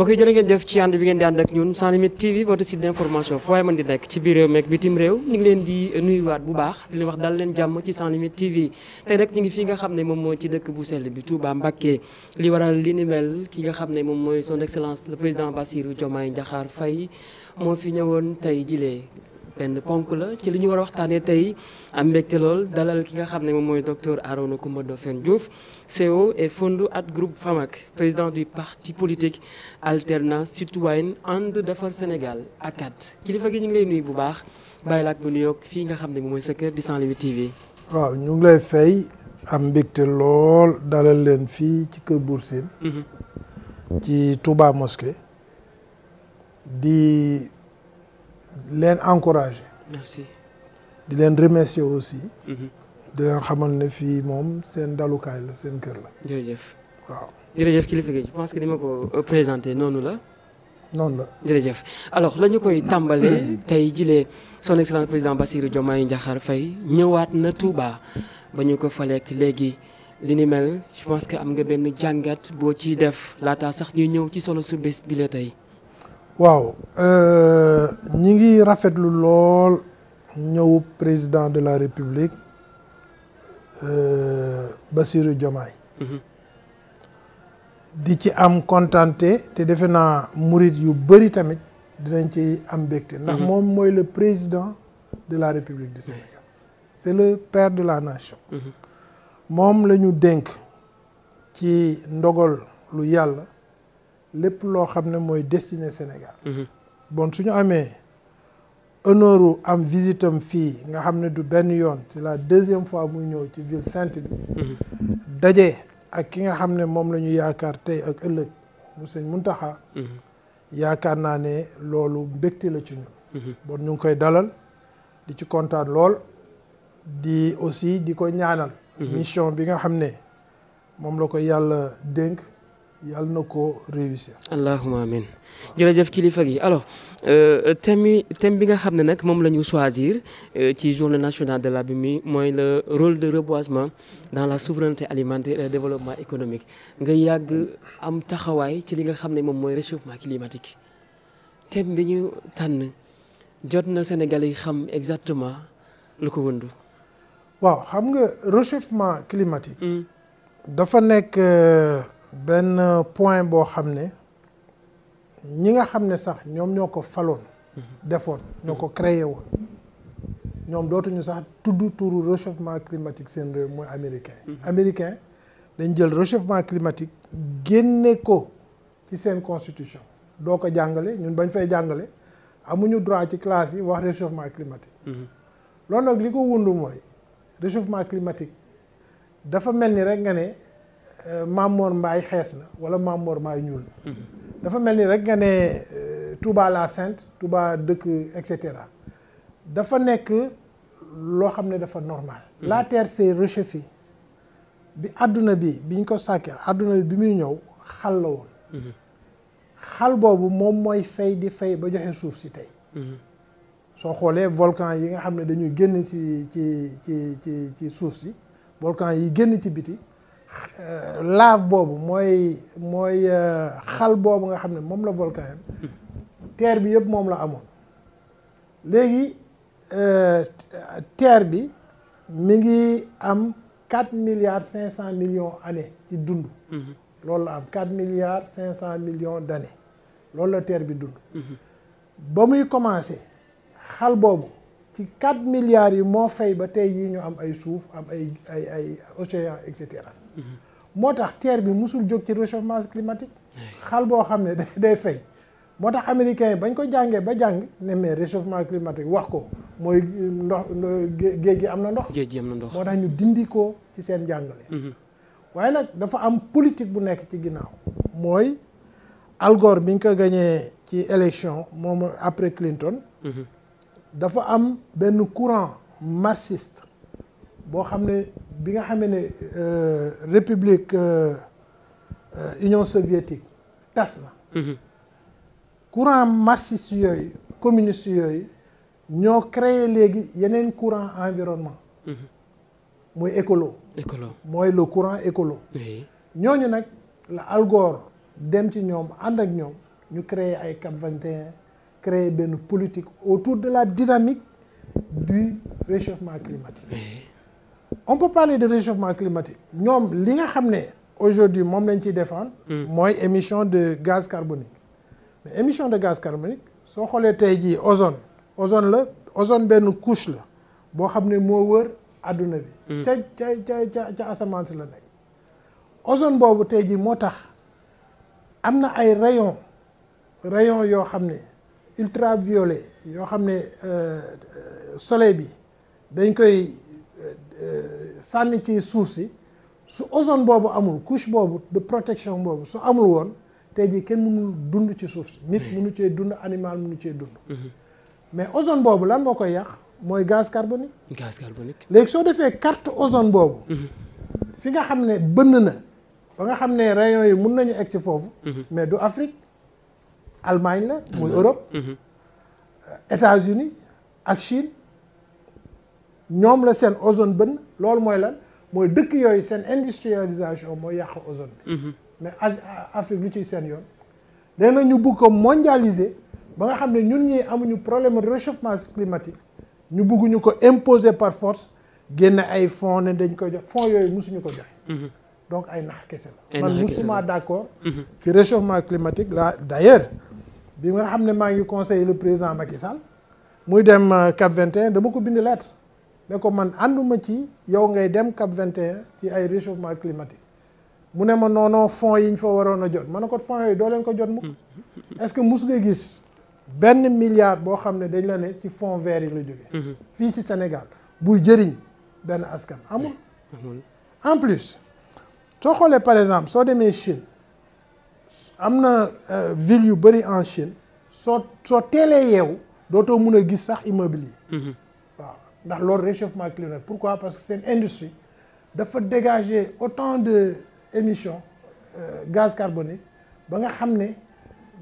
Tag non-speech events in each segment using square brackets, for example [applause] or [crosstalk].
boo yi jërë ngeen jëf ci ànd bi ngeen di ànd ak ñun sans limite TV votre site d'information fu waaye mën di nekk ci biir réew meeg bitim réew ñu ngi leen di nuyuwaat bu baax di wax dal leen jàmm ci sans limite TV tey nag ñu ngi fii nga xam ne moom mooy ci dëkk bu sell bi Touba Mbacké li waral li ni mel ki nga xam ne moom mooy son excellence le président Bassirou Diomaye Diakhar fay moo fi ñëwoon tey jilee benn ponk la ci li ñu war a waxtaanee tey am mbégte lool dalal ki nga xam ne moom mooy docteur Arona Coumba Ndoffène Diouf CEO et fondu at groupe FAMAC président du parti politique alternance citoyenne ànd defar Sénégal ACAT kilifa gi ñu ngi lay nuy bu baax bàyyi la ak bu fii nga xam ne moom mooy sa kër di Sans Limites TV. waaw ñu ngi lay fay am mbégte lool dalal leen fii ci kër Boursine. Mhm. ci tubaa Mosquée di. di leen encourager. merci di leen remercier aussi. Mm-hmm. di leen xamal ne fii moom seen dalukaay la seen kër la. jërëjëf waaw. jërëjëf kilifa gi je pense que ni ma ko euh, présenté noonu la. noonu la jërëjëf alors la koy tàmbalee [coughs] tey jilee son excellence président Bassirou Diomaye Diakhar Faye ñëwaat na Touba ba ñu ko faleek léegi li nu mel je pense que am nga benn jàngat boo ciy def laata sax ñuy ñëw ci solo su bés bi tey. waaw euh, ñi ngi rafetlu lool ñëw président de la république euh, Bassirou Diomaye mhm. di ci am contenté te defe naa murit yu bëri tamit dinañ ci am mbégte ndax mhm. moom mooy le président de la république du Sénégal c'est le père de la nation mhm. moom la ñu dénk ci ndogal lu yàlla lépp loo xam ne mooy destiné Sénégal mhm. bon suñu amee honneur am visitam fii nga xam ne du benn yoon ci la deuxième fois muy ñëw ci ville sainte bi mhm. daje ak ki nga xam ne moom la ñu yaakaar tey ak ëllëg mu sëñ Muntaxa mhm. yaakaar naa ne loolu mbégte la ci ñun bon ñu ngi koy dalal di ci kontaan lool di aussi di ko ñaanal mission bi nga xam ne moom la ko yàlla dénk yàlla na ko réussir. allahumma amin jërëjëf kilifa gi alors euh, thème yi thème bi nga xam ne nag moom la ñu choisir euh, ci journée nationale de la bi mi mooy le rôle de reboisement dans la souveraineté alimentaire et développement économique nga yàgg am taxawaay ci li nga xam ne moom mooy réchauffement climatique thème bi ñu tànn jot na Sénégal xam exactement lu ko wëndu. waaw xam nga réchauffement climatique. Hmm. dafa nekk. Euh, benn point boo xam ne ñi nga xam ne sax ñoom ñoo ko faloon defoon ñoo ko créer woon ñoom dootuñu sax tudd turu réchauffement climatique seen réew mooy américain mhm. américain dañ jël réchauffement climatique génne ko ci seen constitution doo ko jàngale ñun bañ fay jàngale amuñu droit ci classe yi wax réchauffement climatique mhm. loolu nag li ko wund mooy réchauffement climatique dafa mel ni rek nga ne Euh, Mamor mbaay xees na wala Mamor Mbaye ñuul mhm. dafa mel ni rek nga ne euh, Touba la Sainte Touba dëkk et cetera dafa nekk loo xam ne dafa normal mhm. la terre s'est réchauffée bi àdduna bi biñ ko sàkkee àdduna bi bi muy ñëw xal la woon mhm. xal boobu moom mooy fay di fay ba joxe suuf si tey soo xoolee volcan yi nga xam ne dañuy génn ci ci ci ci ci suuf si volcan yi génn ci biti Euh, lave boobu mooy mooy euh, xal boobu nga xam ne moom la volcan am terre bi yëpp moom la amoon léegi euh, terre bi mi ngi am quatre milliards cinq cent million années ci dund mhm. loolu la am quatre milliards cinq cent millions d'années loolu la terre bi dund mhm. ba muy commencé xal boobu ci quatre milliards yi moo fay ba tey yi ñu am ay suuf am ay ay ay océan et cetera moo tax terre bi musul jóg ci réchauffement climatique xaal boo xam ne day fay moo tax américains bañ ko jàngee ba jàng ne mais réchauffement climatique wax ko mooy ndox géej gi am na ndox géej gi am na ndox moo tax ñu dindi ko ci seen jàngale mhm. waaye nag dafa am politique bu nekk ci ginnaaw mooy algor Gore biñ ko gañee ci élection moom après Clinton mhm. dafa am benn courant marxiste boo xam ne bi nga xamee ne euh, république euh, euh, union soviétique tas na mhm. courant marxiste yooyu communiste yooyu ñoo créer léegi yeneen courant environnement mhm. mooy écolo écolo mooy le courant écolo ñooñu nag la algor dem ci ñoom ànd ak ñoom ñu créer ay Cap 21 créer benn politique autour de la dynamique du réchauffement climatique on peut parler de réchauffement climatique ñoom li nga xam ne aujourd'hui moom lañ ciy défendre hmm. mooy émission de gaz carbonique émission de gaz carbonique soo xoolee tey jii ozone ozone la ozone benn couche la boo xam ne moo wër àdduna bi hmm. ca ca ca ca ca asamaan la nekk ozone boobu tey jii moo tax am na ay rayon rayon yoo xam ne ultraviolet yoo xam ne euh, euh, soleil bi dañ koy sànni ci suuf si su ozone boobu amul couche boobu de protection boobu su amul woon te jii kenn mënul dund ci suuf si nit hmm. mënu cee dund animal munu cee dund hmm. mais ozone boobu lan moo koy yàq mooy gaz carbonique gaz carbonique léegi soo defee carte ozone boobu hmm. fi nga xam ne bënn na ba nga xam ne rayon yi mun nañu egsi foofu mais du Afrique Allemagne la muy Europe États-Unis ak Chine ñoom la seen ozone bën loolu mooy lan mooy dëkk yooyu seen industrialisation mooy yàqu ozone bi mhm. mais Afrique lu ciy seen yoon léegi nag ñu bugg ko mondialiser ba nga xam ne ñun ñii amuñu problème réchauffement climatique ñu bugg ñu ko imposer par force génn ay fonds ne dañ koy jox fonds yooyu musuñu ko joxe mhm. donc ay nax kese la man musuma d'accord mhm. ci réchauffement climatique la d'ailleurs bi nga xam ne maa ngi conseiller le président Macky Sall muy dem euh, CAP 21 dama ko bind lettre ne ko man ànduma ci yow ngay dem CAP 21 ci ay réchauffement climatique mu ne ma noonoo fonds yi ñu fa waroon a jot man ne ko fonds yi doo leen ko jot mukk [laughs] est-ce que mus nga gis benn milliard boo xam ne dañ la ne ci fonds vert yi la jógee mm-hmm. fii si Sénégal buy jëriñ benn askan amul en plus soo xoolee par exemple soo demee Chine am na euh, ville yu bëri en Chine soo soo teelee yeewu dootoo mun a gis sax immeuble yi mm-hmm. ndax loolu réchauffement climatique pourquoi parce que seen industrie dafa dégager autant de émission euh, gaz carbonique ba nga xam ne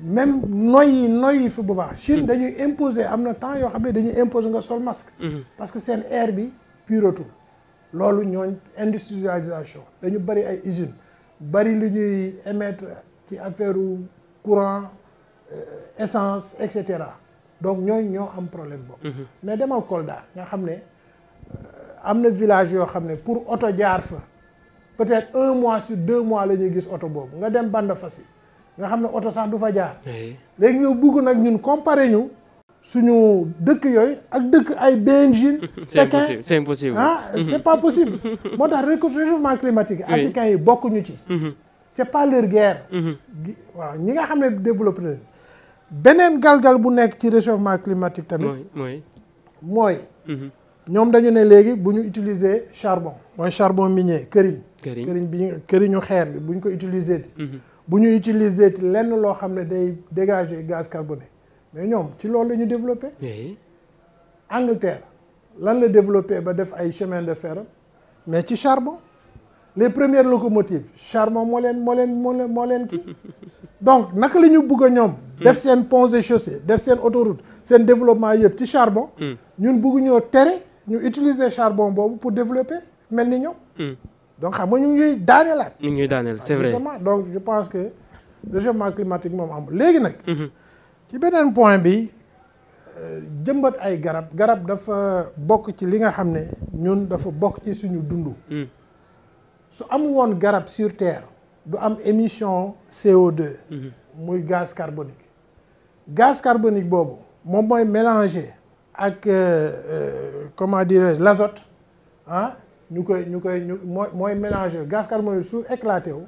même noy noyyi fi boobaa Chine hmm. dañuy imposer am na temps yoo xam ne dañuy imposer nga sol masque hmm. parce que seen air bi puretul loolu ñooñ industrialisation dañu bëri ay usines bëri lu ñuy émettre ci affaire courant euh, essence et cetera donc ñooñu ñoo am problème boobu. Mhm. mais demal Kolda nga xam ne euh, am na village yoo xam ne pour oto jaar fa peut-être un mois sur deux mois la ñuy gis oto boobu nga dem Banda Fassi nga xam ne oto sax du fa jaar. léegi ñoo bugg nag ñun comparer ñu. suñu dëkk yooyu ak dëkk ay Beijing. [laughs] c'est impossible c'est impossible ah mhm. c'est pas possible. moo tax réchauffement climatique. africains yi bokkuñu ci. Mhm. c'est pas leur guerre. waaw ñi nga xam ne développé nañu beneen galgal bu nekk ci réchauffement climatique tamit. mooy mooy. Mhm. ñoom dañu ne léegi bu ñu utiliser charbon. mooy charbon minier këriñ. këriñ këriñ bi këriñu xeer bi bu ñu ko utiliser ti mhm. bu ñu utiliser ti lenn loo xam ne day dégager gaz carboné mais ñoom ci loolu la ñu développé. Angleterre lan la développé ba def ay chemin de fer mais ci charbon les premières locomotives charbon moo leen moo leen moo leen moo leen ki [laughs] donc naka lañu bugg a ñoom. def seen ponts et def seen autoroute seen développement yëpp ci charbon. Hmm. ñun bëgg ñoo tere ñu utiliser charbon boobu pour développer mel ni ñoom. Hmm. donc xam nga ñu ngi ñuy daaneelaat. ñu ngi ñuy daaneel c'est vrai donc pense que réchauffement climatique moom amul léegi nag. Hmm. ci beneen point bi euh, jëmbat ay garab garab dafa bokk ci li nga xam ne ñun dafa bokk ci suñu dund. su am woon garab sur terre. du am émission co muy gaz carbonique gaz carbonique boobu moom mooy mélangé ak euh, euh, comment dirais-je l'azote ah ñu koy ñu koy ñu mooy mooy mélangé gaz carbonique su éclaté wu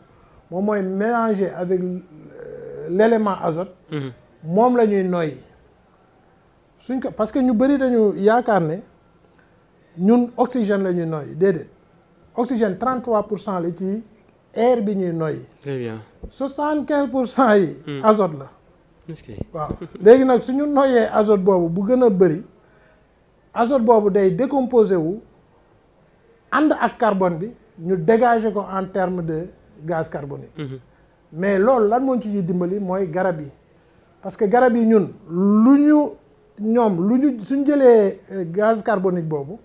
moom mooy mélangé avec euh, l'élément azote moom la ñuy noyyi suñ ko parce que ñu bëri dañu yaakaar ni ñun oxygène la ñuy noyyi déedéet oxygène 33 pour cent la ci air bi ñuy noyyi. très bien soixante quinze pour cent yi. Hmm. azote la. waaw léegi nag suñu noyee azote boobu bu gën a bëri azote boobu day décomposé wu ànd ak carbone bi ñu dégager ko en terme de gaz carbonique. Hmm. mais loolu lan mooñ ci ñuy dimbali mooy garab yi parce que garab yi ñun lu ñu ñoom lu ñu suñ jëlee euh, gaz carbonique boobu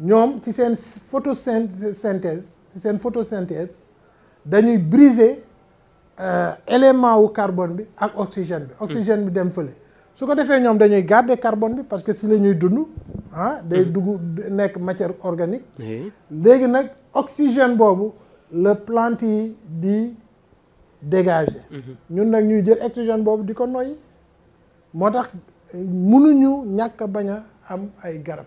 ñoom ci seen photosynthèse ci seen photosynthèse dañuy briser euh, élément wu carbone bi ak oxygène bi oxygène bi dem fële su ko defee ñoom dañuy garder carbone bi parce que si la dund ah day mm-hmm. dugg nekk matière organique léegi nag oxygène boobu la plante yi di dégager mm-hmm. ñun nag ñuy jël oxygène boobu di ko noyyi moo tax mënuñu ñàkk bañ a am ay garab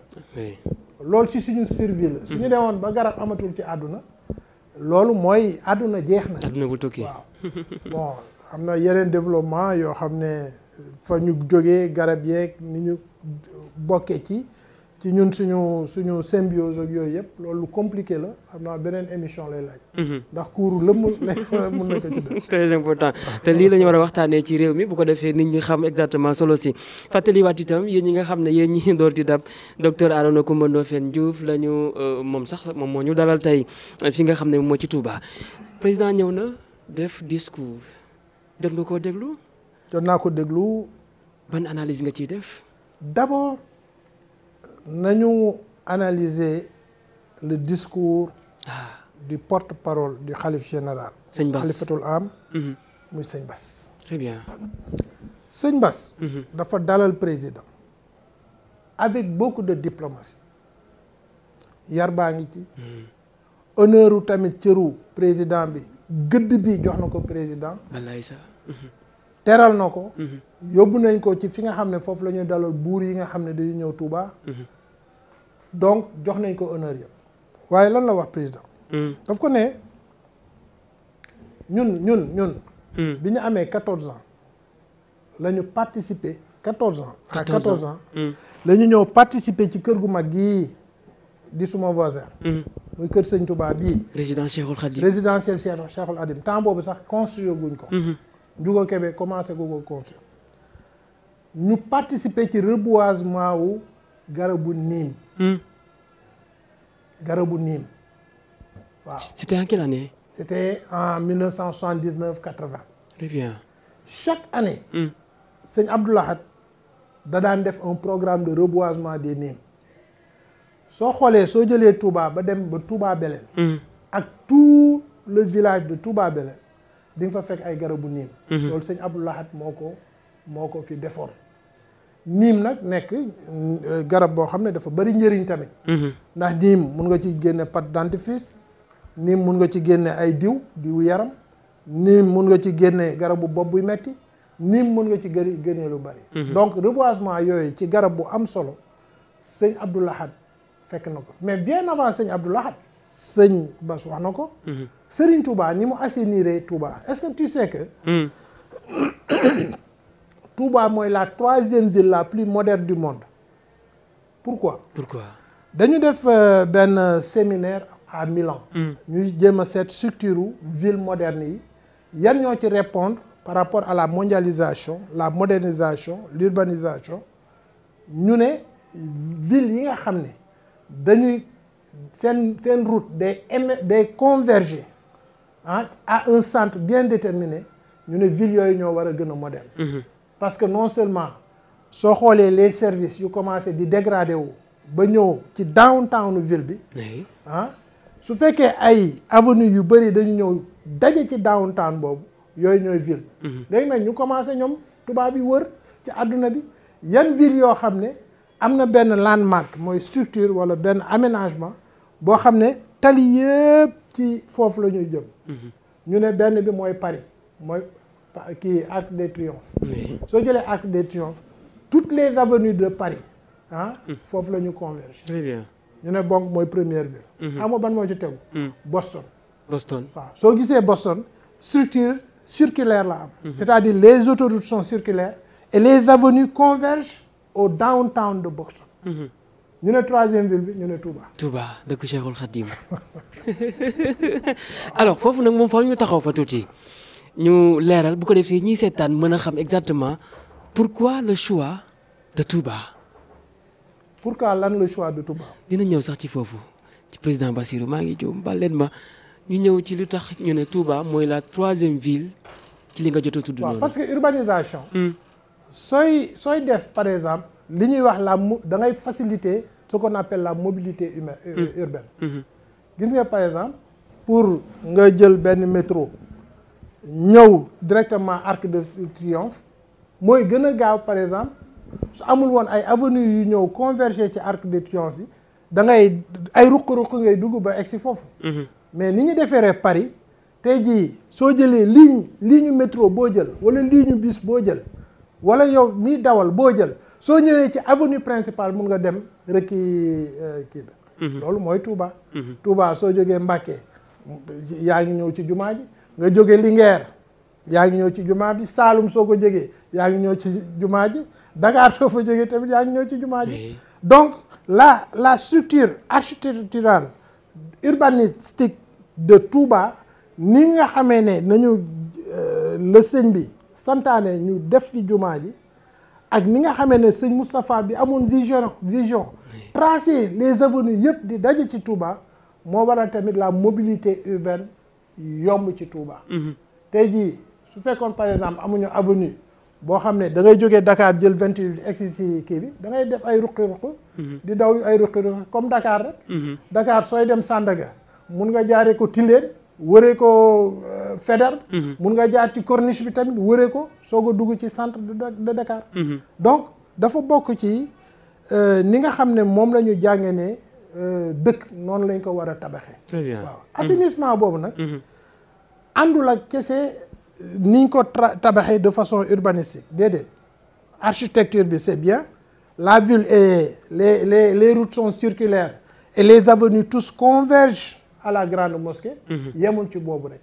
loolu ci suñu survie la suñu mm-hmm. demoon ba garab amatul ci àdduna loolu mooy àdduna jeex na. àdduna bu tukki waaw bon am na yeneen développement yoo xam ne fa ñu jógee garab yeeg ni ñu bokkee ci. ci ñun suñu suñu symbiose ak yooyu yëpp loolu lu compliqué la xam naa beneen émission lay laaj. Mhm. ndax kuuru lëmm [laughs] mun na ko ci très important te lii la ñu war a waxtaanee ci réew mi bu ko defee nit ñi xam exactement solo si fàttaliwaat itam yéen ñi nga xam ne yéen ñi [laughs] door di dab docteur Arona Coumba Ndoffène Diouf la ñu euh, moom sax moom moo ñu dalal tey fi nga xam ne moo ci Touba président ñëw na def discours jot nga koo déglu. jot naa ko déglu. ban analyse nga ciy def. d'abord. nañu analyser le discours ah. du porte-parole du xalif général sëñ Bass xalifatul am mhm. muy sëñ Bass très sëñ Bass mhm. dafa dalal président avec beaucoup de diplomatie yar baa ngi ci mhm. honneur tamit cëru président bi gëdd bi jox na ko président teral na ko mhm. yóbbu nañ ko ci fi nga xam ne foofu la ñuy dalal buur yi nga xam ne dañu ñëw Touba mhm. donc jox nañ ko honneur yëpp waaye lan la wax président mhm. daf ko ne ñun ñun ñun bi ñu amee quatorze ans la participer quatorze ans à quatorze ans la ñu ñëw participer ci kër gu mag gii di suma voisin muy kër sëñ Touba bii résidentiel Cheikhul Khadim résidentiel Cheikhul Khadim temps boobu sax construire guñ ko Ndiouga Kébé commencé ko ko compté ñu participer ci reboisement wu garabu niim. Hmm. garabu niim waaw. c'était en quelle année. c'était en 1979 80. très bien. chaque année. Hmm. sëñ Abdou Lahad da daan def un programme de reboisement des niim soo xoolee soo jëlee Touba ba dem ba Touba Belel. Hmm. ak tout le village de Touba Belel. di fa fekk ay garabu niim. Mhm. loolu sëñ Abdou Lahad moo ko moo ko fi defoon. niim nag nekk euh, garab boo xam ne dafa bari njëriñ tamit. Mhm. ndax niim mun nga ci génne pâte dentifrice. niim mun nga ci génne ay diw diw yaram. niim mun nga ci génne garabu bopp buy metti niim mun nga ci gëri génne lu bari. Mhm. donc reboisement yooyu ci garab bu am solo sëñ Abdou fekk na ko mais bien avant sëñ Abdou sëñ bas wax na ko. Serigne Touba ñi mu assainiré Touba est-ce que tu sais hmm. [coughs] mooy la troisième ville la plus moderne du monde pourquoi. pourquoi dañu def euh, benn séminaire à Milan. Hmm. ñu jéem a seet structure u ville moderne yi yan ñoo ci répondre par rapport à la mondialisation la modernisation l'urbanisation ñu ne ville yi nga xam ne dañuy seen seen route day éme day converger. ah à un centre bien déterminé ñu ne ville yooyu ñoo war a gën a modèle mhm. parce que non seulement soo xoolee les services yu commencé di dégradé wu ba ñëw ci downtown ville bi ah, su fekkee ay avenue yu bëri dañu ñëw daje ci downtown boobu yooyu ñooy ville mhm. léegi nag ñu commencé ñoom tubaab yi wër ci àdduna bi yan ville yoo xam ne am na benn landmark mooy structure wala benn aménagement boo xam ne tali yëpp ci foofu la ñuy jëm mhm. ñu ne benn bi mooy Paris mooy kii Arc de Triomphe soo jëlee Arc de Triomphe toutes les avenues de Paris ah mhm. foofu la ñu converge très ñu ne bon mooy première ville mhm. am nga ban mooy ci tegu Boston Boston waaw soo gisee Boston structure circulaire la am c'est-à-dire les autoroutes sont circulaires et les avenues convergent au downtown de Boston ñu ne troisième ville bi ñu ne Touba. Touba dëkk [laughs] alors foofu nag moom faaw ñu taxaw fa tuuti ñu leeral bu ko defee ñiy seetaan mën a xam exactement pourquoi le choix de Touba. pourquoi lan le de Touba. dina ñëw sax ci foofu ci président Bassirou maa ngi juum baal ma ñu ñëw ci lu tax ñu ne Touba mooy la troisième ville ci li nga jot a tudd. noonu parce que urbanisation. Hmm. sooy sooy def par exemple. li ñuy wax la da ngay facilité ce qu'on appelle la mobilité humaine euh, mm. urbaine mm-hmm. gis nga par exemple pour nga jël benn métro ñëw directement arc de triomphe mooy gën a gaaw par exemple su amul woon ay avenue yu ñëw converger ci arc de triomphe bi da ngay ay ruq-ruq ngay dugg ba si foofu mm-hmm. mais ni ñu deferee Paris tey jii soo jëlee lii lii ñu métro boo jël wala ligne bis boo jël wala yow mii dawal boo jël soo ñëwee ci avenue principal mun nga dem rek euh, kii bi mhm. loolu mooy Touba. Mhm. Touba soo jógee Mbacké yaa ngi ñëw ci jumaa ji nga jóge Linguère yaa ngi ñëw ci jumaa bi Saalum soo ko jógee yaa ngi ci jumaa ji Dakar soo fa jógee tamit yaa ngi ñëw ci jumaa ji donc la la structure architecturale urbanistique de Touba ni nga xamee ne nañu euh, la sëñ bi santaane ñu def fi jumaa ji ak ni nga xamee ne sëñ Moustapha bi amoon vision vision tracer les avenues yëpp di daje ci Touba moo waral tamit la mobilité urbaine yomb ci Touba. Mhm. tey jii su fekkoon par exemple amuñu avenue boo xam ne da ngay dakaar Dakar jël vingt huit egsi si kii bi da def ay ruqi-ruq. Mhm. di daw ay ruqi-ruq comme Dakar rek. Mhm. Dakar sooy dem Sandaga mun nga jaare ko Tilène. wëree ko euh, Faidherbe mhm. mun nga jaar ci corniche bi tamit wëree ko soog a dugg ci centre de Dakar mhm. donc dafa bokk ci euh, ni nga xam ne moom la ñu jànge ne euh, dëkk noonu lañ ko war a tabaxee waaw mhm. boobu nag àndul ak kese niñ ko tra tabaxee de façon urbanistique déedéet architecture bi c'est bien la ville et les les les routes sont circulaires et les avenues tous convergent à la grande mosquée. Mhm. yemul ci boobu rek.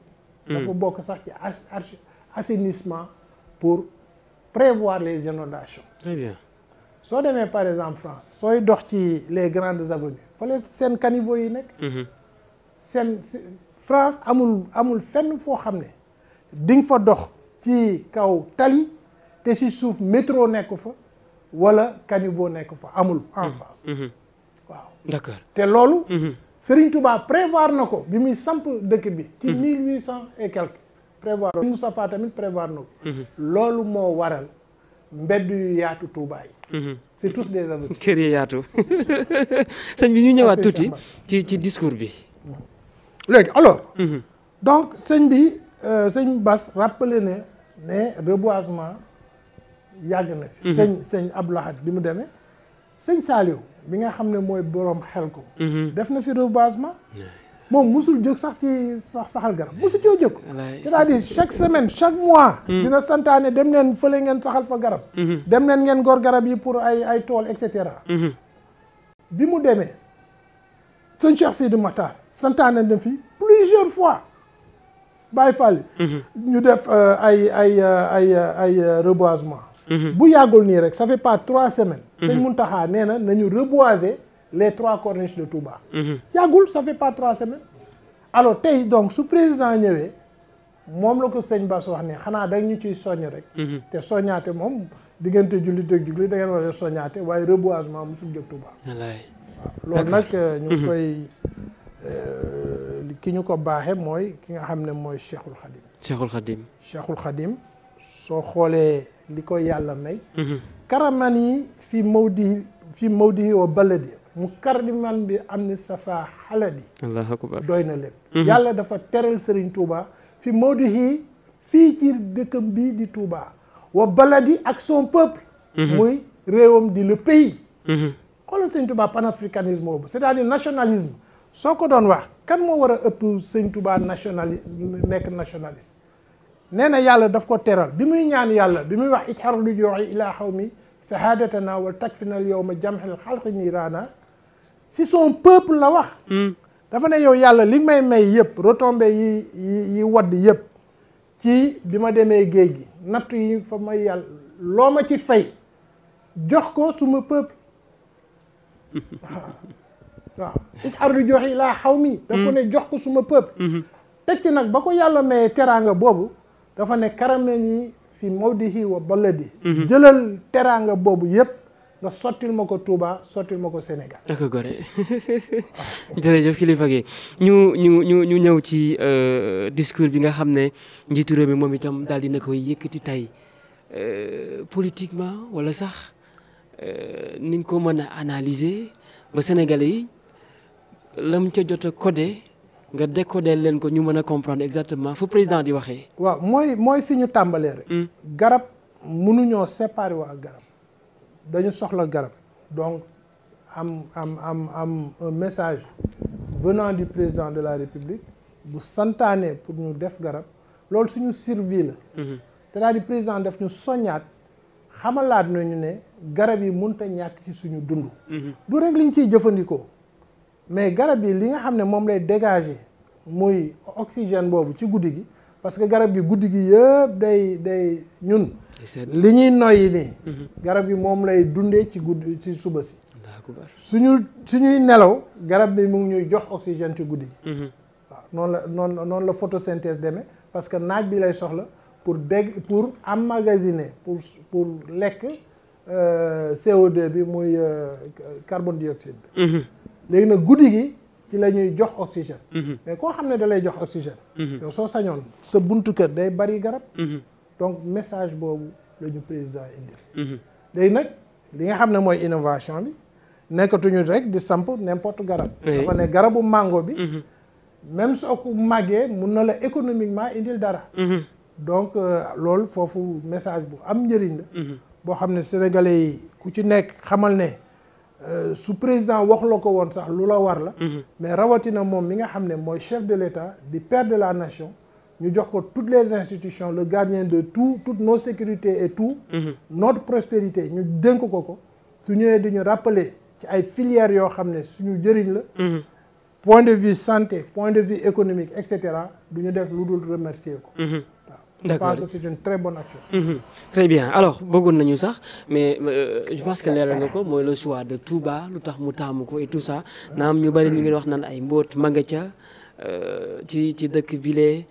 Mhm. dafa bokk sax ci archi assainissement pour prévoir les inondations. très bien soo demee par exemple France sooy dox ci les grandes avenues fële seen caniveau yi nekk. Mhm. seen France amul amul fenn foo xam ne di nga fa dox ci kaw tali te si suuf métro nekk fa wala caniveau nekk fa amul. en France waaw te loolu. Serigne Touba prévoir na ko bi muy samp dëkk bi. ci mhm. mille huit cent et quelque. prévoir na ko tamit prévoir na ko. Mhm. loolu moo waral mbedd yu yaatu Touba yi. Mhm. c'est tous des aveugles. kër yi yaatu [laughs] sëñ bi ñu ñëwaat tuuti ci ci discours bi. léegi alors. donc sëñ bi euh, sëñ Bass rappelé ne ne reboisement yàgg na sëñ sëñ Abdou Lahad bi mu demee sëñ Saliou. bi nga xam ne mooy boroom xel ko mhm. def na fi reboisement moom musul jóg sax ci sax saxal garab musu coo jóg c'est-à-dire chaque semaine chaque mois mhm. dina santaane dem leen fële ngeen saxal fa garab mhm. dem neen ngeen gor garab yi pour ay ay tool et cetera bi mu demee sëñ Cheikh Sidi Matar santaane na fi plusieurs fois bàyyi fall ñu def euh, ay ay euh, ay euh, ay reboisement bu yàggul nii rek ça fait pas trois semaines sëñ Mountakha mhm. nee na nañu reboiser les trois corniches de Touba. Mhm. yàggul ça fait pas trois semaines. alors tey donc su président ñëwee moom la ko sëñ Bass wax ne xanaa da ñu ciy soññ rek. Mhm. te soññaate moom diggante jullit ak jullit da ngeen war a waaye reboisement mosul jóg Touba. wallaay loolu nag euh, ñu koy. Euh, ki ñu ko baaxee mooy ki nga xam ne mooy Cheikhul Khadim. Cheikhul Khadim. Cheikhul Khadim soo xoolee li ko yàlla may. yi fi mawdihi fi mawdihi wa baladi mu kardiman bi am ni safa xaladi allahu doy na lépp mhm. yàlla dafa teral Serigne Touba fi mawdihi fii ci dëkkam bi di Touba wa baladi ak son peuple mhm. muy réewam di la pays mhm. xoolal Serigne Touba panafricanisme boobu c'est-à-dire nationalisme soo ko doon wax kan moo war a ëpp Serigne Touba nationali nekk nationaliste nee na yàlla daf ko teral bi muy ñaan yàlla bi muy wax ijxar lu jooxi ilaa xaw mi naa wal na yow ma jamxel xalqi raana si son peuple la wax mm. dafa ne yow yàlla li may may yépp retombé yi yi yi wadd yëpp ci bi ma demee géej gi nattu yi fa may yàlla loo ma ci fay jox ko suma peuple mm-hmm. waaw xaw mi daf mm-hmm. ko suma peuple mm-hmm. teg ci nag ba ko yàlla mayee teraanga boobu dafa ne karamel yi fi mawdihi wa baladi mhm. jëlal teraanga boobu yépp nga sottil ma ko Touba sottil ma ko Sénégal. ak gore [laughs] jërëjëf kilifa ñu ñu ñu ñu ñëw ci euh, discours bi nga xam ne njiitu réew mi moom itam daal dina koy yëkkati tey euh, politiquement wala sax euh, niñ ko mën a analyser ba Sénégalais yi lam ca jot a codé nga décoder leen ko ñu mën a comprendre exactement fu président di waxee. waaw mooy mooy fi ñu tàmbalee rek. Hmm. garab mënuñoo séparer wu ak garab dañu soxla garab donc am am am am un message venant du président de la république bu santaane pour ñu def garab loolu suñu survie la. c'est-à-dire hmm. président def ñu soññaat xamalaat nañu ne garab yi mun a ñàkk ci suñu dund. Hmm. du rek liñ ciy jëfandikoo. mais garab yi li nga xam ne moom lay dégager muy oxygène boobu ci guddi gi parce que garab gi guddi gi yëpp day day ñun. li ñuy noyyi nii. Mhm. garab yi moom lay dundee ci guddi ci suba si. suñu suñuy nelaw garab bi mu ngi ñuy jox oxygène ci guddi gi. Mhm. waaw noonu la noonu noonu la photosynthèse deme parce que naaj bi lay soxla pour dég pour emmagasiner pour pour lekk euh, CO2 bi muy euh, carbone dioxyde bi. Mhm. léegi nag guddi gi ci la ñuy jox oxygène. Mhm. mais koo xam ne da lay jox oxygène. Mhm. yow soo sañoon sa buntu kër day bari garab. Mhm. donc message boobu lañu ñu président indil. léegi nag li nga xam ne mooy innovation bi nekkatuñu rek di samp n'importe garab. dafa garabu mango bi. même soo ko màggee mun na la économiquement indil dara. donc euh, loolu foofu message bu am njëriñ la. boo xam ne sénégalais yi ku ci nekk xamal ne. Euh, su président waxu la ko woon sax lu la war la mhm. mais rawatina moom mi nga xam ne mooy chef de l'État di père de la nation ñu jox ko toutes les institutions le gardien de tout toutes nos sécurités et tout mhm. notre prospérité ñu dénk ko ko su ñëwee di ñu rappeler ci ay filières yoo xam ne suñu jëriñ la mhm. point de vue santé point de vue économique et cetera du ñu def lu dul remercier ko je pense que c'est une très bonne action. Mhm. très bien alors bëggoon nañu sax mais euh, je pense que leeral nga ko mooy le choix de Touba lu tax mu taamu ko et tout ça naam ñu bari ñu ngi wax naan ay mbóot manga ca euh, ci ci dëkk bile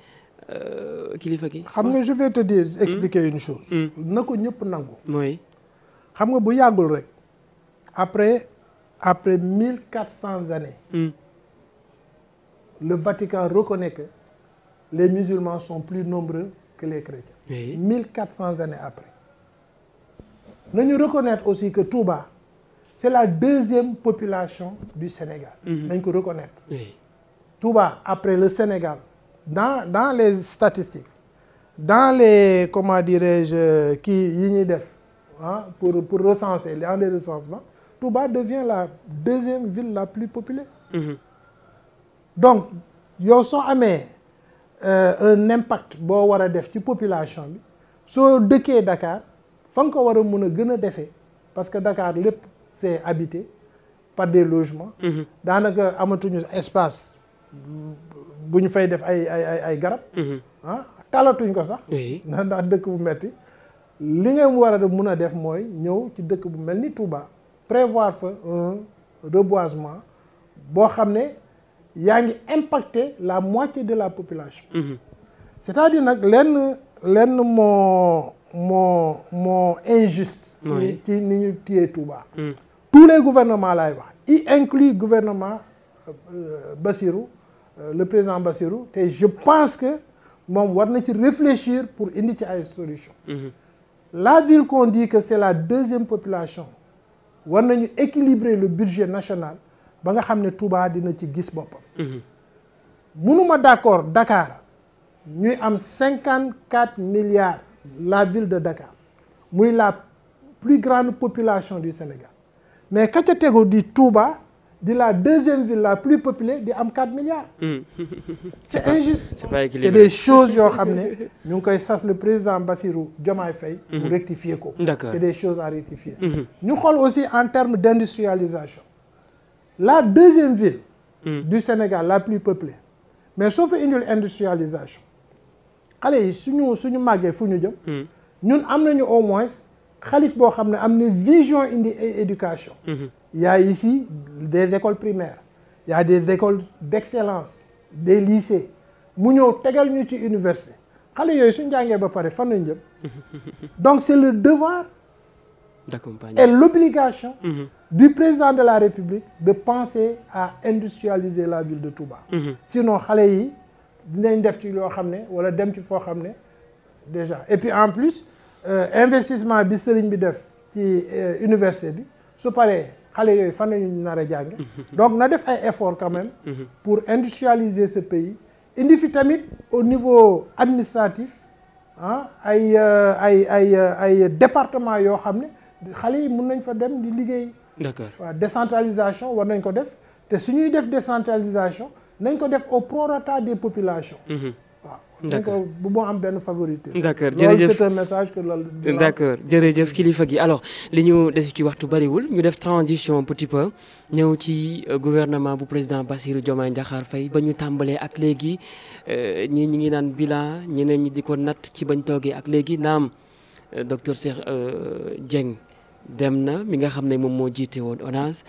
euh, kilifa gi. xam nga je vais te dire mhm. expliquer une chose. Mhm. na ko ñëpp nangu. mooy. xam nga bu yàggul rek après après quatre cents années. Mmh. le Vatican reconnaît que les musulmans son plus nombreux. que les chrétiens. mille quatre cents années après. nañu reconnaître aussi que Touba c'est la deuxième population du Sénégal. Mhm. nañ ko reconnaître. oui Touba après le Sénégal dans dans les statistiques dans les comment dirais-je kii yi ñuy def ah pour pour recenser les en des recensements Touba devient la deuxième ville la plus populaire. Mhm. donc yow soo amee. Euh, un impact boo war a def ci population bi soo dëkkee Dakar fa nga ko war a mun a gën a defee parce que Dakar lépp c'est habité par des logements mhm. daanaka amatuñu espace bu ñu fay def ay ay ay ay garab mhm. ah talatuñ ko sax na ndax dëkk bu metti li nga war a mun a def mooy ñëw ci dëkk bu mel ni Touba prévoir fa un reboisement boo xam ne yaa ngi impacter la moitié de la population. Mhm. c'est-à-dire nag lenn lenn moo moo moo injuste. ci ni ñu téye Touba. Mhm. tous les gouvernements laay wax y inclut gouvernement euh, Bassirou euh, le président Bassirou te je pense que moom war na ci réfléchir pour indi ci ay solution mhm. la ville qu'on dit que c'est la deuxième population war nañu équilibrer le budget national. ba nga xam ne Touba dina ci gis boppam. mënuma mhm. d'accord Dakar ñuy am cinquante quatre milliards la ville de Dakar muy la plus grande population du Sénégal mais ka ca tegu di Touba di la deuxième ville la plus peuplée di am quatre milliards. Mhm. [laughs] c'est injuste c'est pas équilibré c'est des choses yoo xam ne ñu ngi koy sas le président Bassirou Diomaye Faye. mu mhm. rectifier ko. d'accord c'est des choses à rectifier. ñu xool aussi en termes d'industrialisation. la deuxième ville mm. du Sénégal la plus peuplée mais soo fa indil industrialisation xale yi suñu suñu màggee fu ñu jëm hmm. ñun am nañu au moins xalif boo xam ne am na vision indi e, éducation hmm. il y a des écoles primaires il des écoles d'excellence des lycées mu ñëw tegal ñu ci université xale yooyu suñu jàngee ba pare fan nañ jëm hmm. [laughs] donc c'est le devoir et l'obligation mm-hmm. du président de la République de penser à industrialiser la ville de Touba. Mm sinon xale yi dinañ def ci loo xam ne wala dem ci foo xam ne déjà et puis en plus euh, investissement bi sëriñ bi def ci euh, université bi su paree xale yooyu fan lañu nar a jànge mm-hmm. donc na def ay effort quand même mm pour industrialiser ce pays indi fi tamit au niveau administratif ah ay ay euh, ay ay département yoo xam ne xale yi mun nañ fa dem di liggéey. d'accord waaw décentralisation war nañ ko def te su ñuy def décentralisation nañ ko def au prorata des populations. Mhm. d' accord bu moo am benn favorité. d' accord jërëjëf loolu c'est un message que loolu. d' accord jërëjëf kilifa gi alors li ñu def ci waxtu bariwul ñu def transition petit peu ñëw ci euh, gouvernement bu président Bassirou Diomaye Diakhar Faye ba ñu tàmbalee ak léegi euh, ñii ñi ngi naan bilan ñeneen ñi di ko natt ci bañ toogee ak léegi naam euh, docteur Cheikh Dieng dem na mi nga xam ne moom moo jiite woon ONAS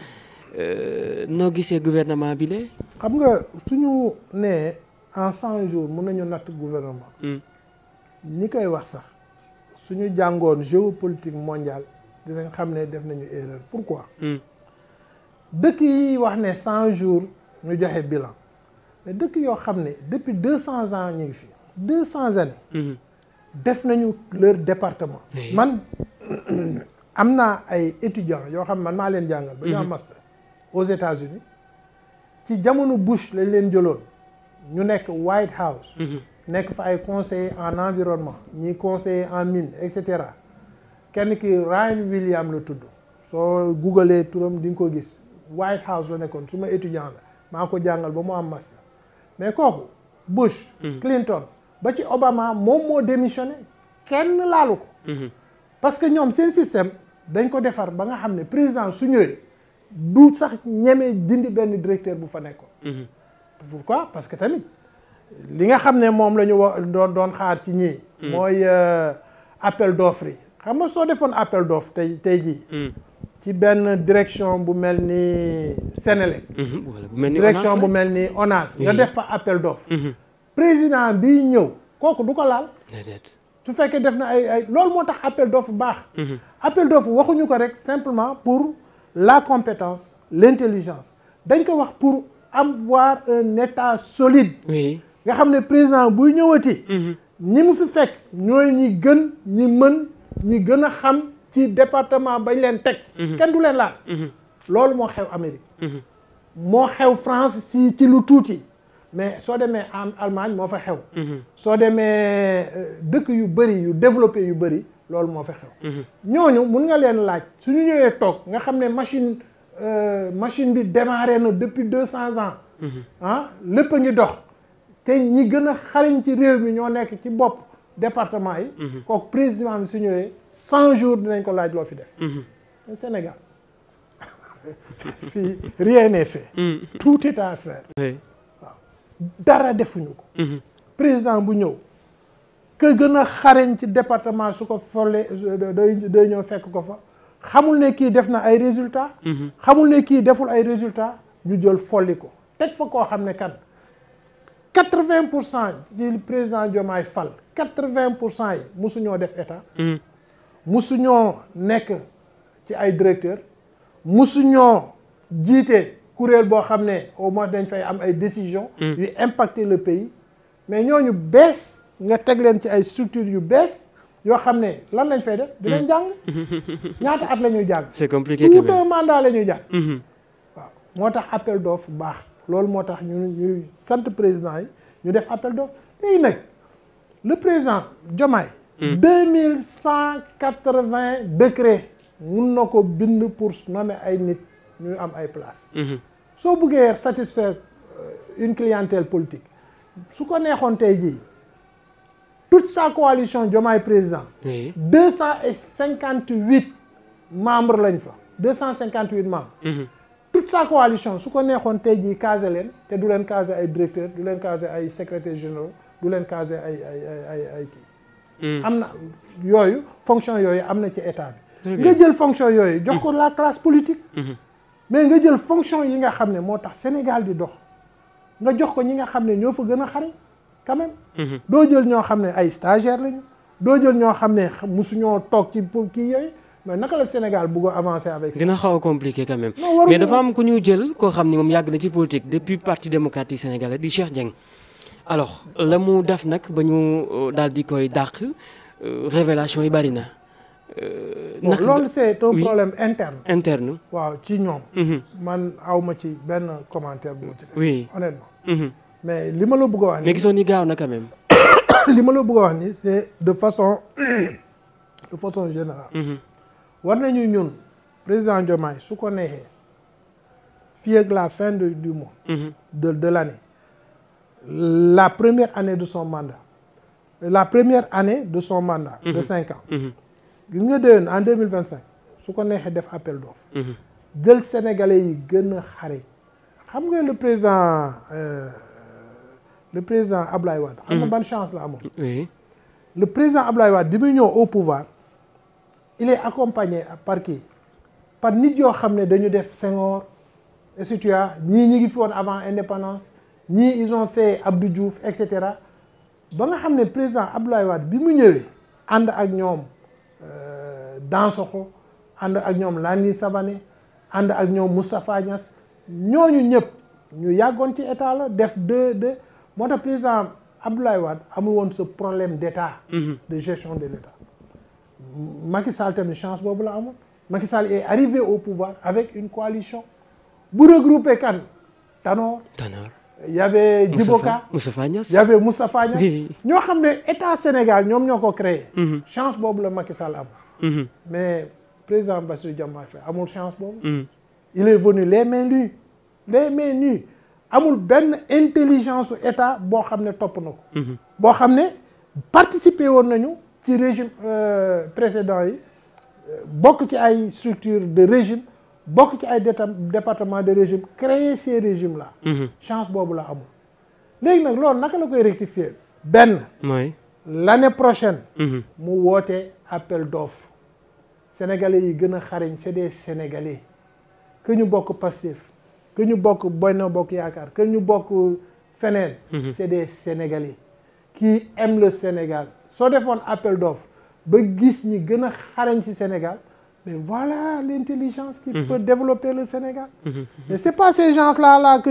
euh, noo gisee gouvernement bi le xam nga suñu nee en cent jours mun nañu natt gouvernement hmm. ñi koy wax sax suñu jàngoon géopolitique mondiale dinañ xam ne def nañu erreur pourquoi hmm. dëkk yi wax ne cent jours ñu joxe bilan dëkk yoo xam ne depuis deux cents ans ñu ngi fi deux cents années hmm. def nañu leur département man am naa ay étudiants yoo xam man maa leen jàngal. ba ñu am mhm. master aux États-Unis ci jamono Bush lañ leen jëloon ñu nekk White House. Mhm. nekk fa ay conseillers en environnement ñi conseiller en mine et cetera kenn ki Ryan William la tudd soo googalee turam di nga ko gis White House la nekkoon su ma étudiant la maa ko jàngal ba mu am master mais kooku Bush. Mhm. Clinton ba ci Obama moom moo démissionné kenn laalu ko. parce que ñoom seen système. dañ ko defar ba nga xam ne président su ñëwee du sax ñemee dindi benn directeur bu fa nekkoon. Mhm. pourquoi parce que tamit li nga xam ne moom la ñu wa doon doon xaar ci ñii. Mhm. mooy euh, appel d'offre yi xam nga soo defoon appel doof tey tey jii. Mhm. ci benn direction bu mel ni Sénélec. wala bu mel ni direction bu mel ni ONAS. nga def fa appel d'offre. président bi ñëw kooku du ko laal. su fekkee def na ay ay loolu moo tax appel d'offre baax. Mhm. appel fu waxuñu ko rek simplement pour la compétence l'intelligence dañ ko wax pour avoir un état solide. nga xam ne président buy ñëwati. Mhm. ñi mu fi fekk ñooy ñi gën ñi mën ñi gën a xam ci département bañ leen teg. Mhm. kenn du leen laal. loolu moo xew Amérique. moo xew France si ci lu tuuti. mais soo demee en Allemagne moo fa xew. Mhm. soo demee euh, dëkk yu bëri yu développé yu bëri loolu moo fa xew. Mhm. ñooñu mun nga leen laaj su ñu ñëwee toog nga xam ne machine euh, machine bi démarré na depuis deux cents ans. Mhm. ah lépp ñu dox te ñi gën a xariñ ci réew mi ñoo nekk ci bopp département yi. kooku président bi su ñëwee cent jours dinañ ko laaj loo fi def. Sénégal [laughs] fii rien n'est fait. tout est à faire. dara defuñu ko. Mhm. président bu ñëw. que gën a xariñ ci département su ko folle euh, day day ñëw fekk ko fa xamul ne kii def na ay résultat mhm. xamul ne kii deful ay résultats ñu jël folli ko teg fa koo xam ne kan quatre vingt pour cent ci président Diomaye fal quatre vingt pour cent yi musu ñoo def état. musu mhm. ñoo nekk ci ay directeurs musu ñoo jiite. kuréel boo xam ne au moins dañ fay am ay décisions. Mm. yu impacter le pays. mais ñooñu bees nga teg leen ci ay structures yu bees yoo xam ne lan lañ fay def. di leen mm. jàng. [laughs] ñaata at la ñuy jàng. c'est compliqué tout un la ñuy jàng. Mm-hmm. waaw moo tax appel d'offre baax loolu moo tax ñu ñuy sant président yi ñu def appel doo léegi nag le président Diomaye. Mm. deux mille cent quatre-vingts décrets mun na ko bind pour nommer ay nit. ñuy am ay place mhm. soo buggee satisfaire euh, une clientèle politique su ko neexoon tey jii toute sa coalition Diomaye président deux cent et cinquante huit membre lañu fa deux cent cinquante huit membres mhm. toute sa coalition su ko neexoon tey jii casé leen te du leen casé ay directeur du leen casé ay secrétaire général du leen casé ay ay ay ay kii mhm. am na yooyu fonction yooyu am na ci état bi nga jël fonction yooyu jox ko la classe politique mais nga jël fonction yi nga xam ne moo tax Sénégal di dox nga jox ko ñi nga xam ne ñoo fa gën a xare quand même mhm. doo jël ñoo xam ne ay stagiaires lañu doo jël ñoo xam ne mu musuñoo toog ci pour kii yooyu mais naka la Sénégal bëgg a avancer avec dina xaw a compliqué quand même. mais dafa am ko ñu jël koo xam ne moom yàgg na ci politique depuis parti démocratique sénégalais di Cheikh Dieng. alors la mu def nag ba ñu euh, daal di koy dàq euh, révélation yi bari na. Euh, ndax loolu c'est problème interne. interne waaw ci ñoom. Mhm. man awma ci benn commentaire bu ma ci def. oui honnêtement. Mhm. mais li ma la bëgg a wax nii. mais gisoon gaaw na quand même. [coughs] li ma la bëgg wax nii c'est de façon [coughs] de façon générale. Mhm. war nañu ñun président Diomaye su ko neexee fii ak la fin de du mois. de de la première année de son mandat la première année de son mandat. de cinq gis nga déwén en deux vingt cinq su ko neexee def appel d'offre mhm. jël sénégalais yi gën a xare xam nga le président euh, le président Ablaye Wade. xam nga mhm. ban chance la amoon. oui le président Ablaye Wade bi muy ñëw au pouvoir il est accompagné par qui par nit yoo xam ne dañu def Senghor et situa ñii ñi ngi fi woon avant indépendance ñii ils ont fait Abdou Diouf et cetera ba nga xam ne président Ablaye Wade bi mu ñëwee ànd ak ñoom. Euh, Dansokho ànd ak ñoom Lani Savané ànd ak ñoom Moustapha Niass ñooñu ñëpp ñu yàggoon ci état la def deux deux moo tax président Abdoulaye Wade amul woon ce problème d' mhm. de gestion de l' état. Macky Sall tamit chance boobu la amoon Macky Sall est arrivé au pouvoir avec une coalition bu regroupé kan Tanor. y avait Djiboka Moustapha Niass y avait ñoo xam ne état Sénégal ñoom ñoo ko créé mhm. chance boobu la Macky Sall am mhm. mais président Bassirou Diomaye Faye amul chance boobu mhm. il est venu les mains nues les mains nues amul benn intelligence état boo xam ne topp na ko boo xam ne participer woon nañu ci régime euh, précédent yi euh, bokk ci ay structure de régime bokk ci ay département de régime créer ces régimes là mhm. chance boobu la amul léegi nag loolu naka la koy rectifier benn l'année prochaine mhm. mu woote appel d'offre sénégalais yi gën a xariñ c'est des sénégalais que ñu bokk Pastef que ñu bokk Benno Bokk Yaakaar que ñu bokk feneen mhm. c'est des sénégalais qui Sénégal soo defoon appel d'offre ba gis ñi gën a xarañ si Sénégal Mais voilà l'intelligence qui mmh. peut développer le Sénégal. Mmh. Mais mhm. ce n'est pas la gens-là là, mhm.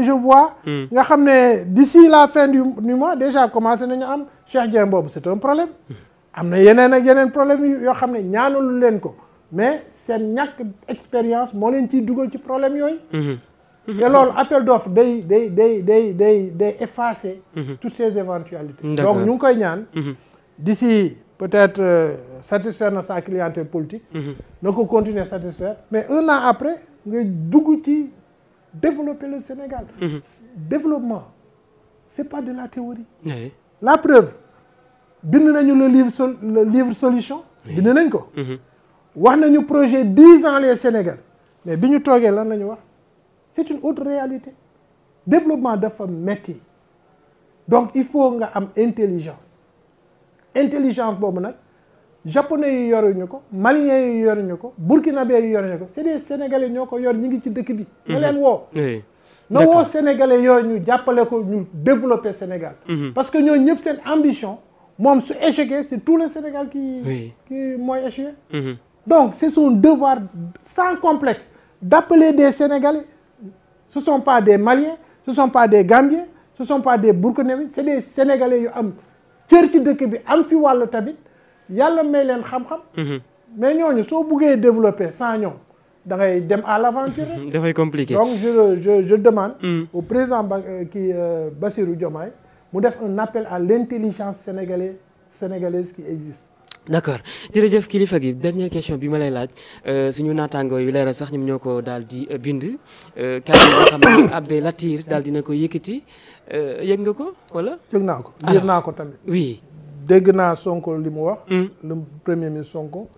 nga je ne di si la fin du, du mois, déjà, commencé à avoir Cheikh Bob, c'est un problème. Il mhm. ne a un problème, mais c'est une expérience qui a été le problème. Et lors appel d'offres, d'effacer toutes ces éventualités. Donc, nous avons d'ici peut-être euh, satisfaire na sa clientèle politique. Mhm. na ko continuer satisfaire. mais un an après nga dugg ci développer le Sénégal. Mhm. développement c'est pas de la théorie. Oui. la preuve bind nañu le livre sol le solution. bind nañ ko. Mhm. wax nañu projet dix ans les Sénégal mais bi ñu toogee lan la ñu wax c'est une autre réalité développement dafa metti donc il faut nga am intelligence. intelligent boobu nag japonais yi yoruñu ko malien yi yoruñu ko burkinabé yi yoruñu ko c'est des sénégalais ñoo ko yor ñu ngi ci dëkk bi na mhm. leen woo na woo sénégalais yooyu ñu jàppale ko ñu développer Sénégal mhm. parce que ñoo ñëpp seen ambition moom su échoué c'est tout le Sénégal qui qui mooy échoué mhm. donc c'est son devoir sans complexe d'appeler des sénégalais ce sont pas des maliens ce sont pas des gambiens ce sont pas des burkinabés c'est des sénégalais yu am cër ci dëkk bi am fi wàllu tamit yàlla may leen xam-xam. Mhm. mais ñooñu soo buggee développer sans ñoom da ngay dem à l'aventure. Mhm. dafay compliqué donc je je je demande. Mhm. au président ba kii euh, euh, basiru Diomaye mu def un appel à l'intelligence sénégalaise sénégalaise qui existe. d'accord jërëjëf kilifa gi dernière question bi ma lay laaj euh, su naataangoo yu leeral sax ñoom ñoo ko daal di bind. kàddu nga xam ne Abbé Latyr daal dina ko yëkkati. Euh, yëg nga ko wala. yëg naa ko liir naa ko tamit. Ah. oui dégg naa Sonko li mu wax. Mm. le premier ministre Sonko.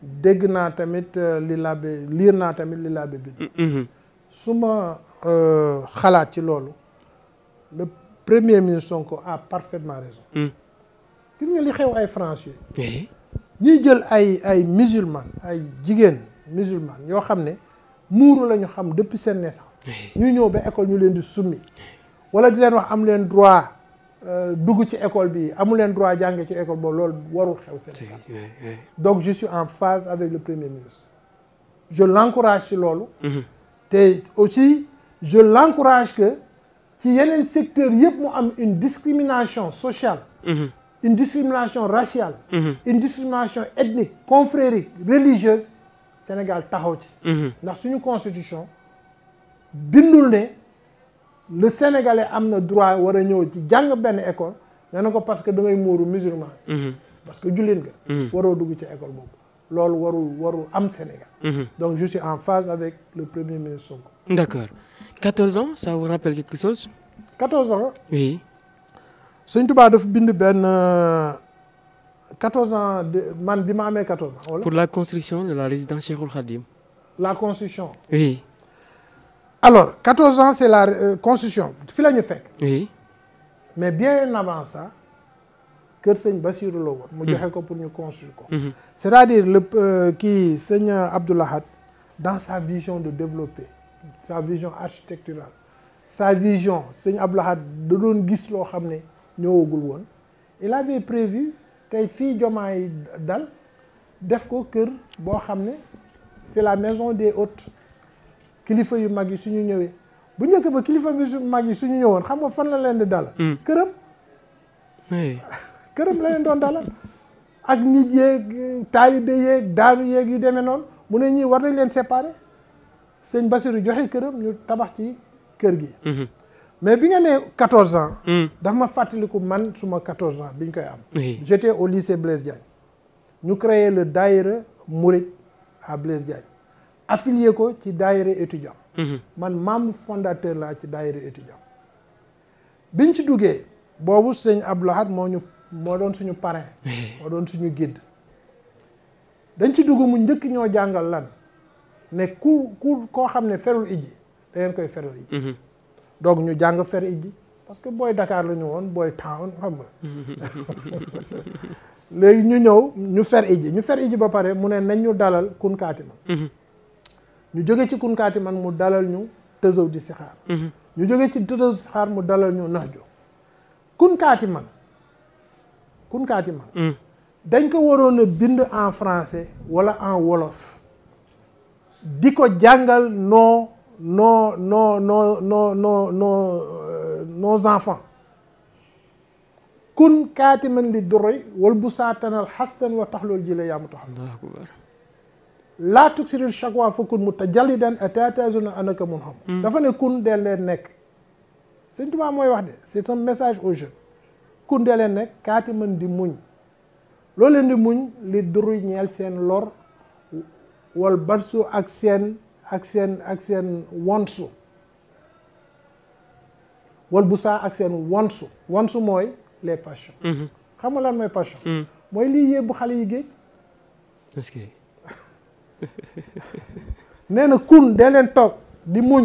dégg naa tamit euh, li laabe liir naa tamit li laabe bi. Mm-hmm. Mm-hmm. su ma euh, xalaat ci loolu le premier ministre Sonko a parfaitement raison. Mm. gis nga li xew ay français. ñuy jël ay ay musulman ay jigéen musulman yoo xam ne muuru la ñu xam depuis seen naissance. ñuy ñëw ba école ñu leen di summi. wala di leen wax am leen droit euh, dugg ci école bi amu leen droit jànge ci école boobu loolu warul xew Sénégal donc je suis en phase avec le premier ministre je l'encourage ci loolu mhm. te aussi je l'encourage que ci yeneen secteur yëpp mu am une discrimination sociale mhm. une discrimination raciale mhm. une discrimination ethnique confrérique religieuse Sénégal taxaw ci ndax suñu constitution bindul ne le sénégalais am na droit war a ñëw ci jàng benn école nga ne ko parce que da ngay muuru musulman mhm. parce que jullit nga mhm. waroo dugg ci école boobu loolu warul warul am Sénégal mhm. donc je suis en phase avec le premier ministre Sonko d'accord quatorze ans ça vous rappelle quelque chose quatorze ans oui Sëñ Tuubaa dafa bind benn quatorze ans de man bi ma amee quatorze ans pour la construction de la résidence Cheikhoul Khadim la construction oui alors 14 ans c'est la euh, constitution fi la ñu fekk. oui mais bien avant ça Kër Sëñ Bassirou la woon. mu mm-hmm. joxe ko pour ñu construire ko. Mm-hmm. c'est-à-dire le euh, kii sëñ Abdou Lahad dans sa vision de développer sa vision architecturale sa vision sëñ Abdou Lahad da doon gis loo xam ne ñëwagul woon i la avait prévu tey fii yi dal def ko kër boo xam ne c'est la maison des hôtes. kilifa yu mag yi suñu ñëwee bu njëkk ba kilifa yu mag yi suñu ñëwoon xam nga fan la leen di dala mm. këram [laughs] këram la leen doon dala ak nit yeeg taalibe yeeg daanu yeeg yu demee noonu mu ne ñii war nañ leen séparer seen Basiru joxe këram ñu tabax ci kër gi mm-hmm. mais bi nga nee quatorze ans mm. dafa ma fàttaliku man suma quatorze ans bi ñu koy am jete au lycée Blaise Diagne ñu créer le daïra Mouride à Blaise Diagne affilié ko ci daayira étudiant mhm. man membre fondateur laa ci daayira étudiant biñ ci duggee boobu sëñ Abdou Lahad moo ñu moo doon suñu parrain [laughs] moo doon suñu guide dañ ci dugg mu njëkk ñoo jàngal lan ne ku ku koo xam ne ferul ijji da koy ferul ijji mhm. donc ñu jàng fer ijji parce que booy dakaar lañu woon booy town xam [laughs] léegi ñu ñëw ñu fer ijji ñu fer ijji ba pare mu ne nañ ñu dalal kun ma mhm. ñu jóge ci kunkaati man mu dalal ñu tësow di sixaar mhm. ñu jóge ci tësow di sixaar mu dalal ñu nax jo kunkaati man kunkaati man mhm. dañ ko waroon bind en français wala en wolof di ko jàngal noo noo noo noo noo noo noo nos euh, man li doroy wal bu saatanal xastan wa tax loolu ji la yaamu taxal laa tuksiril shakwa fa kun mu tajallidan atatazuna anaka mun xam hmm. dafa ne kun dee leen nekk Sëñ Tuubaa mooy wax de c'est un message aux jeunes kun dee leen nekk kaati mën di muñ loo leen di muñ li duru ñeel seen lor wal batsu ak seen ak seen ak seen wonsu wal busaa ak seen wonsu wonsu mooy les passions mm-hmm. xam nga lan mooy passion mm. mooy lii yëbbu xale yi géej [laughs] nee na kun dee leen di muñ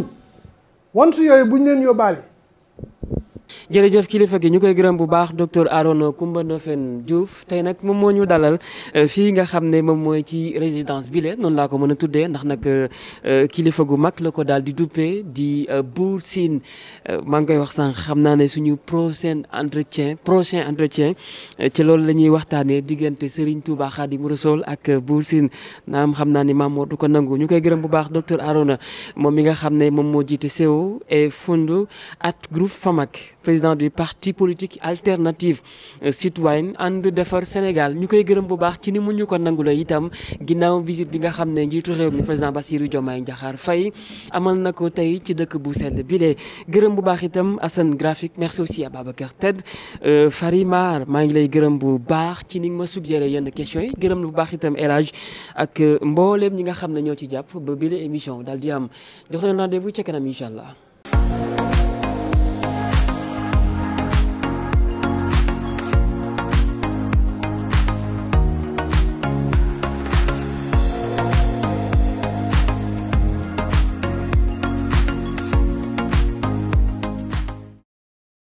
wansu yooyu buñ leen yóbbaale jërëjëf kilifa gi ñu koy gërëm bu baax doctor Arona Coumba Ndoffène Diouf tey nag moom moo ñu dalal euh, fii nga xam ne moom mooy ci résidence bi la noonu laa ko mën a tuddee ndax nag euh, euh, kilifa gu mag la ko daal di duppee di Buur Sine maa ngi koy wax sànq xam naa ne suñu prochain entretien prochain entretien ci loolu la ñuy waxtaanee diggante Serigne di Khadim Rassoul ak Buur Sine naam xam naa ni maam moo du ko nangu ñu koy gërëm bu baax docteur Arona moom mi nga xam ne moom moo jiite CEO et at groupe FAMAC président du parti politique alternative euh, citoyenne ànd defar Sénégal ñu koy gërëm bu baax ci ni mu ñu ko nanguloo itam ginnaaw visite bi nga xam ne njiitu réew mi président Bassirou Diomaye Diakhar fay amal na ko tey ci dëkk bu sell bi lee gërëm bu baax itam Assane Graphique merci aussi à Babacar Ted euh, Farimar maa ngi lay gërëm bu baax ci ni nga ma suggéré yenn questions yi gërëm bu baax itam El Hadj ak euh, mbooleem ñi nga xam ne ñoo ci jàpp ba bile émission daal di am jox leen rendez-vous kanam incha allah